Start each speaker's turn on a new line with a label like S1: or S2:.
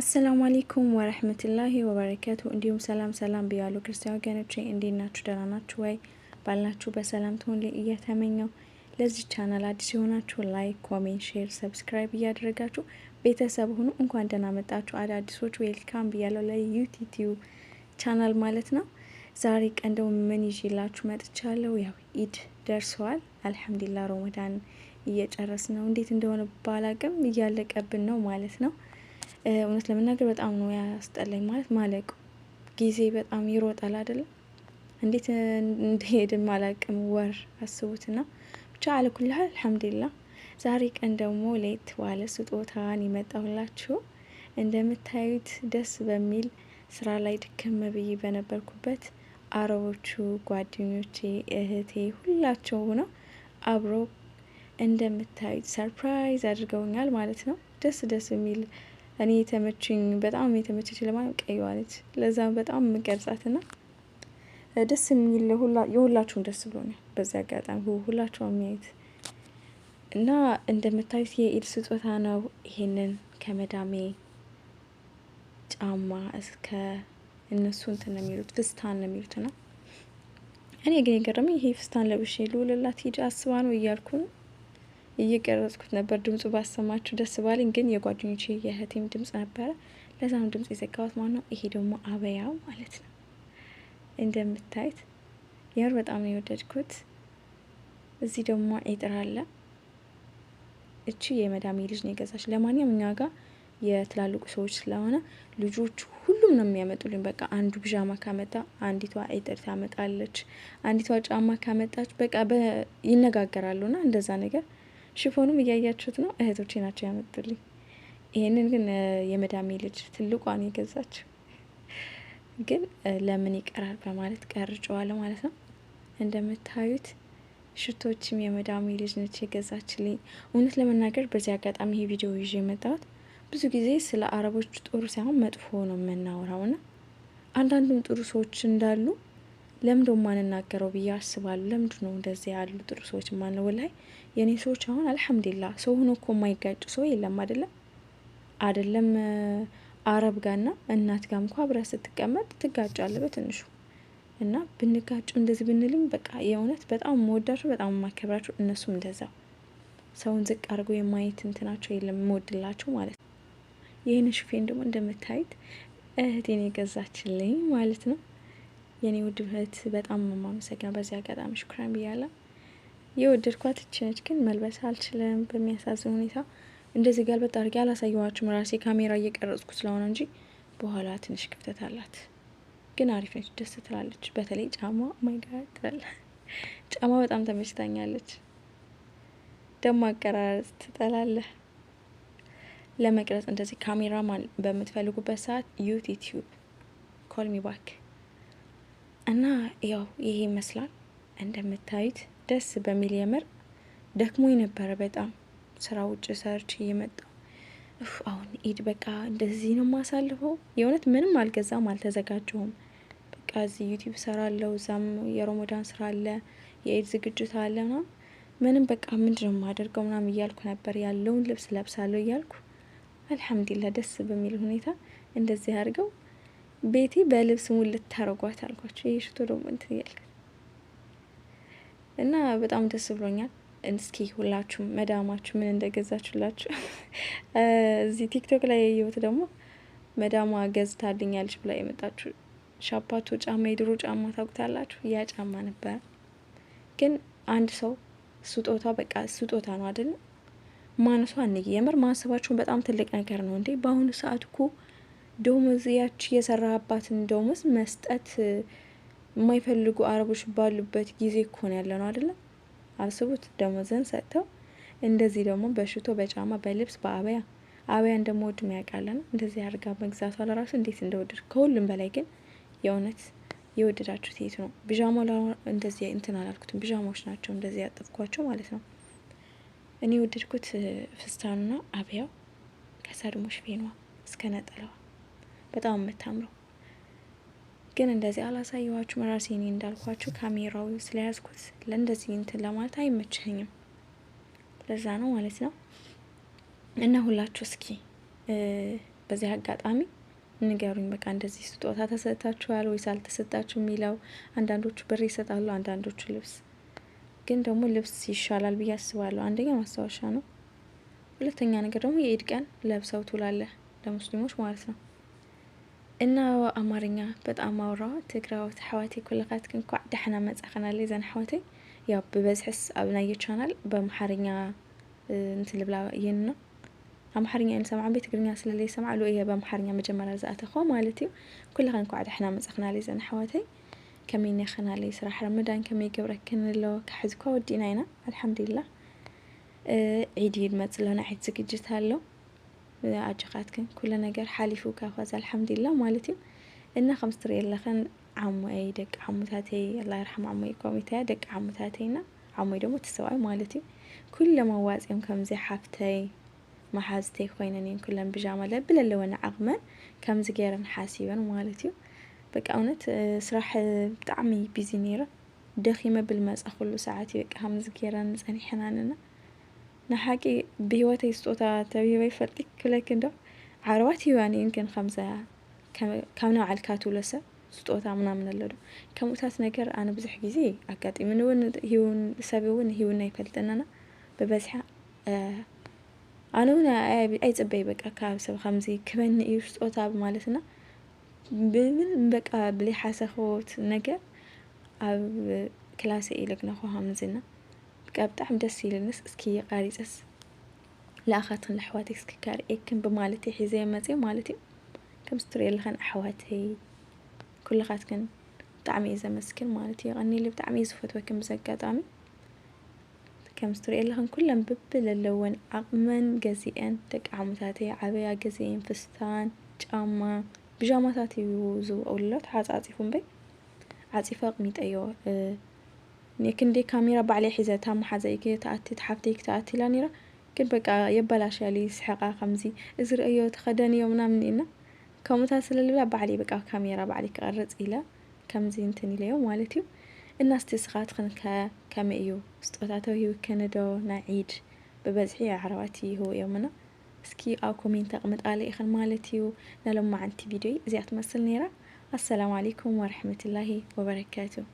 S1: አሰላሙ አሌይኩም ወረህመቱላሂ ወበረከቱ። እንዲሁም ሰላም ሰላም ብያሉ ክርስቲያን ወገኖቼ እንዴት ናችሁ? ደህና ናችሁ ወይ? ባላችሁ በሰላም ትሆን ላይ እየተመኘው ለዚህ ቻናል አዲስ የሆናችሁ ላይክ፣ ኮሜንት፣ ሼር፣ ሰብስክራይብ እያደረጋችሁ ቤተሰብ ሁኑ። እንኳን ደህና መጣችሁ አዳዲሶች፣ ዌልካም ብያለው ለዩቲዩብ ቻናል ማለት ነው። ዛሬ ቀን ደግሞ ምን ይዤላችሁ መጥቻለሁ? ያው ኢድ ደርሰዋል። አልሐምዱሊላ ሮመዳን እየጨረስ ነው። እንዴት እንደሆነ ባላቅም እያለቀብን ነው ማለት ነው። እውነት ለመናገር በጣም ነው ያስጠላኝ ማለት ማለቁ ጊዜ በጣም ይሮጣል አይደለም። እንዴት እንደሄድን ማላቅም ወር አስቡትና ብቻ አለኩልህ አልሐምዱሊላ። ዛሬ ቀን ደግሞ ሌት ባለ ስጦታን ይመጣሁላችሁ እንደምታዩት ደስ በሚል ስራ ላይ ድክም ብዬ በነበርኩበት አረቦቹ ጓደኞቼ፣ እህቴ ሁላቸው ሆነው አብሮ እንደምታዩት ሰርፕራይዝ አድርገውኛል ማለት ነው። ደስ ደስ የሚል እኔ የተመችኝ በጣም የተመቸች ለማን ቀይዋለች። ለዛም በጣም ና ደስ የሚል የሁላችሁም ደስ ብሎኛል። በዚህ አጋጣሚ ሁላችሁ የሚያዩት እና እንደምታዩት የኢድ ስጦታ ነው። ይሄንን ከመዳሜ ጫማ እስከ እነሱ እንትን ነው የሚሉት ፍስታን ነው የሚሉት ና እኔ ግን የገረመኝ ይሄ ፍስታን ለብሼ ልውልላት ሂድ አስባ ነው እያልኩን እየቀረጽኩት ነበር። ድምፁ ባሰማችሁ ደስ ባለኝ። ግን የጓደኞቼ የእህቴም ድምጽ ነበረ። ለዛም ድምጽ የዘጋሁት ማለት ነው። ይሄ ደግሞ አበያው ማለት ነው። እንደምታዩት የምር በጣም ነው የወደድኩት። እዚህ ደግሞ ኤጥር አለ። እቺ የመዳሜ ልጅ ነው የገዛች። ለማንኛውም እኛ ጋር የትላልቁ ሰዎች ስለሆነ ልጆቹ ሁሉም ነው የሚያመጡልኝ። በቃ አንዱ ብዣማ ካመጣ አንዲቷ አይጥር ታመጣለች፣ አንዲቷ ጫማ ካመጣች በቃ ይነጋገራሉ ና እንደዛ ነገር ሽፎኑም እያያችሁት ነው። እህቶቼ ናቸው ያመጡልኝ። ይህንን ግን የመዳሜ ልጅ ትልቋን የገዛችው ግን ለምን ይቀራል በማለት ቀርጨዋለ ማለት ነው። እንደምታዩት ሽቶችም የመዳሜ ልጅ ነች የገዛችልኝ። እውነት ለመናገር በዚህ አጋጣሚ ይሄ ቪዲዮ ይዤ የመጣሁት ብዙ ጊዜ ስለ አረቦች ጥሩ ሳይሆን መጥፎ ነው የምናወራው ና አንዳንዱም ጥሩ ሰዎች እንዳሉ ለምዶ ማንናገረው ብዬ አስባለሁ። ለምዱ ነው እንደዚህ ያሉ ጥሩ ሰዎች ማንወ ላይ የእኔ ሰዎች አሁን አልሐምዱላ ሰው ሆኖ እኮ የማይጋጭ ሰው የለም አይደለም አይደለም አረብ ና እናት ጋር እንኳ አብረ ስትቀመጥ ትጋጫለ በትንሹ እና ብንጋጩ እንደዚህ ብንልም በቃ የእውነት በጣም መወዳቸው በጣም ማከብራቸው እነሱም እንደዛው ሰውን ዝቅ አድርጎ የማየት እንትናቸው የለም መወድላቸው ማለት ነው። ይህን ሹፌን ደግሞ እንደምታዩት እህቴን የገዛችልኝ ማለት ነው። የኔ ውድ እህት በጣም ማመሰግና በዚህ አጋጣሚ ሽኩራን ብያለሁ። የወደድኳት እችነች ግን መልበስ አልችልም በሚያሳዝን ሁኔታ። እንደዚህ ገልበጥ አድርጌ አላሳየኋችሁም ራሴ ካሜራ እየቀረጽኩ ስለሆነ እንጂ በኋላ ትንሽ ክፍተት አላት። ግን አሪፍ ነች፣ ደስ ትላለች። በተለይ ጫማ ማይጋጥል ጫማ በጣም ተመችታኛለች። ደግሞ አቀራረጽ ትጠላለህ ለመቅረጽ እንደዚህ ካሜራማን በምትፈልጉበት ሰዓት ዩቲዩብ ኮልሚ ባክ እና ያው ይሄ ይመስላል እንደምታዩት ደስ በሚል የምር ደክሞ ነበረ በጣም ስራ ውጭ ሰርች እየመጣው አሁን ኢድ በቃ እንደዚህ ነው ማሳልፈው። የእውነት ምንም አልገዛም አልተዘጋጀውም። በቃ እዚህ ዩቲዩብ ስራ አለው፣ እዛም የሮሞዳን ስራ አለ፣ የኢድ ዝግጅት አለ ምናምን ምንም በቃ ምንድነው ማደርገው የማደርገው ምናምን እያልኩ ነበር። ያለውን ልብስ ለብሳለሁ እያልኩ አልሐምዱሊላህ ደስ በሚል ሁኔታ እንደዚህ አድርገው ቤቴ በልብስ ሙሉ ልታረጓት አልኳቸው። ይህ ሽቶ ደግሞ እንትን ያልክ እና በጣም ደስ ብሎኛል። እስኪ ሁላችሁም መዳማችሁ ምን እንደገዛችሁላችሁ እዚህ ቲክቶክ ላይ ያየሁት ደግሞ መዳማ ገዝታልኛለች ብላ የመጣችሁ ሻፓቶ ጫማ፣ የድሮ ጫማ ታውቁታላችሁ። ያ ጫማ ነበረ ግን አንድ ሰው ስጦታ በቃ ስጦታ ነው አይደለም ማነሷ አንዬ የምር ማሰባቸውን በጣም ትልቅ ነገር ነው እንዴ! በአሁኑ ሰዓት እኮ ዶሞዝ ያቺ የሰራባትን ዶሞዝ መስጠት የማይፈልጉ አረቦች ባሉበት ጊዜ እኮ ነው ያለ ነው አይደለም? አስቡት ደሞዝን ሰጥተው እንደዚህ ደግሞ በሽቶ በጫማ በልብስ በአበያ አበያ ደግሞ ወድ ያውቃለን እንደዚህ አድርጋ መግዛቷ ለራሱ እንዴት እንደወደድ ከሁሉም በላይ ግን የእውነት የወደዳችሁት የቱ ነው? ብዣማ እንደዚህ እንትን አላልኩትም። ብዣማዎች ናቸው እንደዚህ ያጠፍኳቸው ማለት ነው። እኔ ወደድኩት ፍስታኑና አብያው ከሰድሞ ሽፌኗ እስከ ነጠለዋ በጣም የምታምረው ግን እንደዚህ አላሳየኋችሁም። ራሴ እኔ እንዳልኳችሁ ካሜራው ስለያዝኩት ለእንደዚህ እንትን ለማለት አይመችኝም። ለዛ ነው ማለት ነው። እና ሁላችሁ እስኪ በዚህ አጋጣሚ ንገሩኝ። በቃ እንደዚህ ስጦታ ተሰጥታችኋል ወይስ አልተሰጣችሁ የሚለው አንዳንዶቹ ብር ይሰጣሉ፣ አንዳንዶቹ ልብስ ግን ደግሞ ልብስ ይሻላል ብዬ አስባለሁ። አንደኛ ማስታወሻ ነው። ሁለተኛ ነገር ደግሞ የኢድ ቀን ለብሰው ትውላለ ለሙስሊሞች ማለት ነው። እና አማርኛ በጣም አውራ ትግራዎት ኣሕዋተይ ኩላኻትክን ክንኳ ዳሕና መጻኸናለ ዘን ኣሕዋተይ ያ ብበዝሕስ ኣብ ናየ ቻናል በኣምሓርኛ እንትን ልብላ እየን ና ኣምሓርኛ ኢን ንሰምዓ ቤት ትግርኛ ስለለይሰምዓ ሉ እየ በኣምሓርኛ መጀመርያ ዝኣተኸ ማለት እዩ ኩላኸን ኳዕ ዳሕና መጻኽናለ ዘን ኣሕዋተይ كمين يخنا لي صراحة رمضان كمي يقبرك كنلو كحزكو ودينا هنا الحمد لله اه عيد يد متلون عيد سكجت هالو عجقات أه، كن كل نقر حالي فوكا فاز الحمد لله مالتي إن خمس طري الله خن عمو أي دك عمو تاتي الله يرحم عمو يكوم تاتي دك عمو تاتينا عمو يدوم تسوعي مالتي كل ما واز يوم كم زي حافتي ما حازتي خوينا نين كلن بجامله بلا لو انا كم زي غير حاسيبا مالتي በቃ እውነት ስራሕ ብጣዕሚ ቢዚ ነይረ ደኺመ ብልመፃ ኩሉ ሰዓት እዩ በቃ ከምዚ ገይረን ፀኒሕና ፀኒሕናንና ንሓቂ ብሂወተይ ስጦታ ተብሂበ ይፈልጢ ክብለክ ዶ ዓረባት እዩን ግን ከምዛ ካብ ናባዕልካ ትብሎ ሰብ ስጦታ ምናምን ኣሎ ዶ ከምኡታት ነገር ኣነ ብዙሕ ግዜ ኣጋጢሙን እውን ሂውን ሰብ እውን ሂውና ይፈልጠናና ብበዝሓ ኣነ እውን ኣይፅበይ በቃ ካብ ሰብ ከምዚ ክበኒ እዩ ስጦታ ማለትና ብምን በቃ ብለይሓሰኽዎ ነገር ኣብ ክላሰ እየ ለግነኾ ከምዝና በቃ ብጣዕሚ ደስ ይብለኒስ እስኪ ቀሪፀስ ንኣኻትን ኣሕዋተይ እስኪ ካርኤክን ብማለተይ ሒዘየ መፅእ ማለት እዩ ከምዚ ትሪኦ ኣለኻን ኣሕዋተይ ኩላኻትክን ብጣዕሚ እዩ ዘመስግን ማለት እዩ ቀኒሉ ብጣዕሚ እዩ ዝፈትወክን ብዘጋጣሚ ከምዚ ትሪኦ ኣለኽን ኩለን ብብል ኣለወን ዓቕመን ገዚአን ደቂ ዓሙታተይ ዓበያ ገዚአን ፍስታን ጫማ بجاماتاتي يوزو أولاد لا تحات عاطفهم بي عاطفة قميت أيوة أه دي كاميرا بعلي حزة تام حزة إيك تأتي تحفتي إيك تأتي لانيرا كن بقى يبلا شالي سحقة خمسي إزر أيوة تخدني يومنا من إنا كم تاسل اللي بعلي بقى كاميرا بعلي كأرز إلى خمسي إنتني اليوم والتيو الناس تسخات خن كا كم أيوة استقطعته هو كندا نعيد ببزحية عرواتي هو يومنا اسكي او كومين تقمت آلي إخن مالتيو نلوم مع انتي فيديو زيات مسل نيرا السلام عليكم ورحمة الله وبركاته